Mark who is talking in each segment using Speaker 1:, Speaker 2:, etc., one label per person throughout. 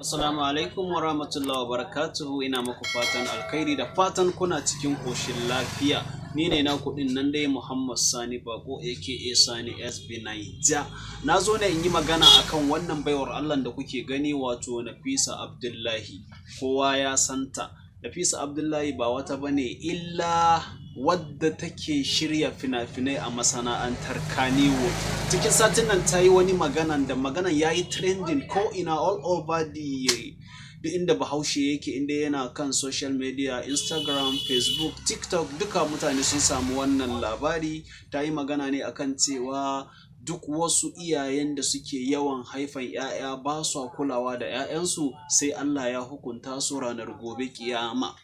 Speaker 1: Assalamu alaikum wa rahmatullahi wa barakatuhu ina muku fatan alkhairi da fatan kuna cikin koshin lafiya. Ni ne na kuɗin nan dai Muhammad Sani Bako aka Sani SB Naija. Na zo ne in yi magana akan wannan baiwar Allah da kuke gani wato Nafisa Abdullahi. Kowa ya santa. Nafisa Abdullahi ba wata bane illa wadda take shirya fina-finai a masana'antar Kannywood. Cikin satin nan ta yi wani magana da maganan ya yi trending ko ina all over the duk inda bahaushe yake inda yana kan social media instagram facebook tiktok duka mutane sun samu wannan labari ta yi magana ne akan cewa duk wasu iyayen da suke yawan haifan 'ya'ya ba su kulawa da 'ya'yansu sai allah ya hukunta su ranar gobe kiyama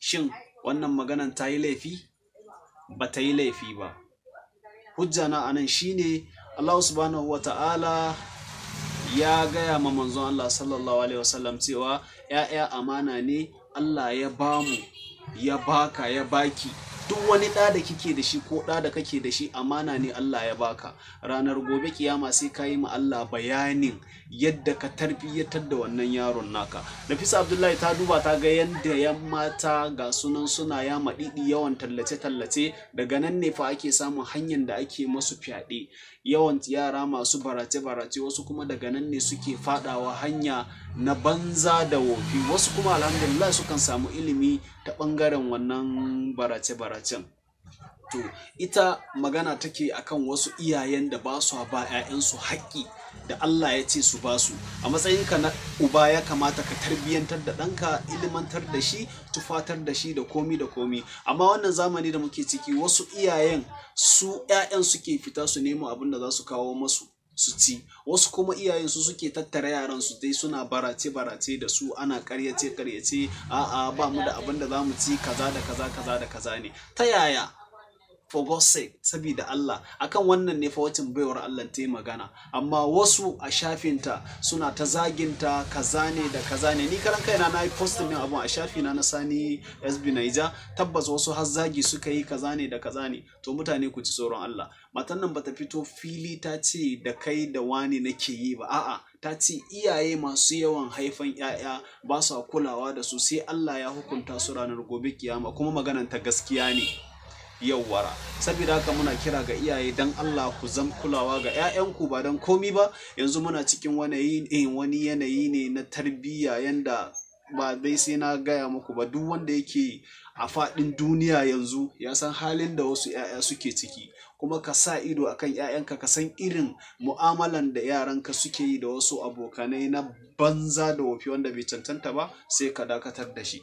Speaker 1: shin wannan maganan ta yi laifi ba ta yi laifi ba hujja na anan shine Allah subhanahu wata'ala ya gaya ma manzon Allah sallallahu alaihi wasallam cewa ya'ya amana ne Allah ya bamu ya baka ya baki duk wani ɗa da kike da shi ko ɗa da kake da shi amana ne Allah ya baka ranar gobe kiyama sai ka yi ma Allah bayanin yadda ka tarbiyyatar da wannan yaron naka Nafisa Abdullahi ta duba ta ga yadda yan mata ga sunan suna ya maɗiɗi yawan tallace-tallace daga nan ne fa ake samun hanyar da ake masu fyaɗe yawan yara masu barace-barace wasu kuma daga nan ne suke faɗawa hanya na banza da wofi wasu kuma alhamdulillah sukan samu ilimi ta ɓangaren wannan barace-baracen to ita magana take akan wasu iyayen da ba su ba 'ya'yansu haƙƙi da Allah ya ce su ba su a matsayinka na uba ya kamata ka tarbiyyantar da ɗanka ilimantar da shi tufatar da shi da komi da komi amma wannan zamani da muke ciki wasu iyayen su 'ya'yan suke fita su nemo abin da za su kawo masu su ci wasu kuma iyayen su suke tattara yaran su dai suna barace barace da su ana karyace karyace a'a ba mu da abin da za mu ci kaza da kaza kaza da kaza ne ta yaya for God's sake saboda Allah akan wannan ne fa wacin baiwar Allah ta yi magana amma wasu a shafinta suna ta zaginta kaza ne da kaza ne ni karan kaina na yi post din abu a shafina na Sani SB Niger tabbas wasu har zagi suka yi kaza ne da kaza ne to mutane ku ci tsoron Allah matan nan bata fito fili ta ce da kai da wani nake yi ba a'a ta ce iyaye masu yawan haifan 'ya'ya ba sa kulawa da su sai Allah ya hukunta su ranar gobe kiyama kuma maganan ta gaskiya ne yawwara saboda haka muna kira ga iyaye dan Allah ku zam kulawa ga 'ya'yanku ba dan komi ba yanzu muna cikin eh, wani yanayi ne na tarbiyya yanda ba dai sai na gaya muku ba duk wanda yake a faɗin duniya yanzu ya san halin da wasu 'ya'ya suke ciki kuma ka sa ido akan 'ya'yanka ka san irin mu'amalan da yaranka suke yi da wasu abokanai na banza da wofi wanda bai cancanta ba sai ka dakatar da shi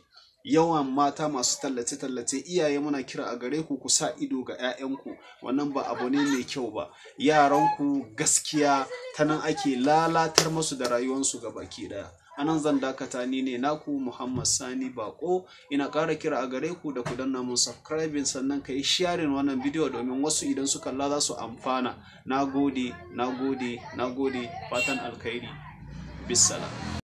Speaker 1: yawan mata masu tallace-tallace iyaye muna kira a gare ku ku sa ido ga 'ya'yanku wannan ba abu ne mai kyau ba yaranku gaskiya ta nan ake lalatar masu da rayuwarsu ga baki daya anan zan dakata ni ne naku muhammad sani bako ina ƙara kira a gare ku da ku danna mun subscribing sannan ka yi sharing wannan bidiyo domin wasu idan su kalla za su amfana na gode na gode na gode fatan alkhairi bisala.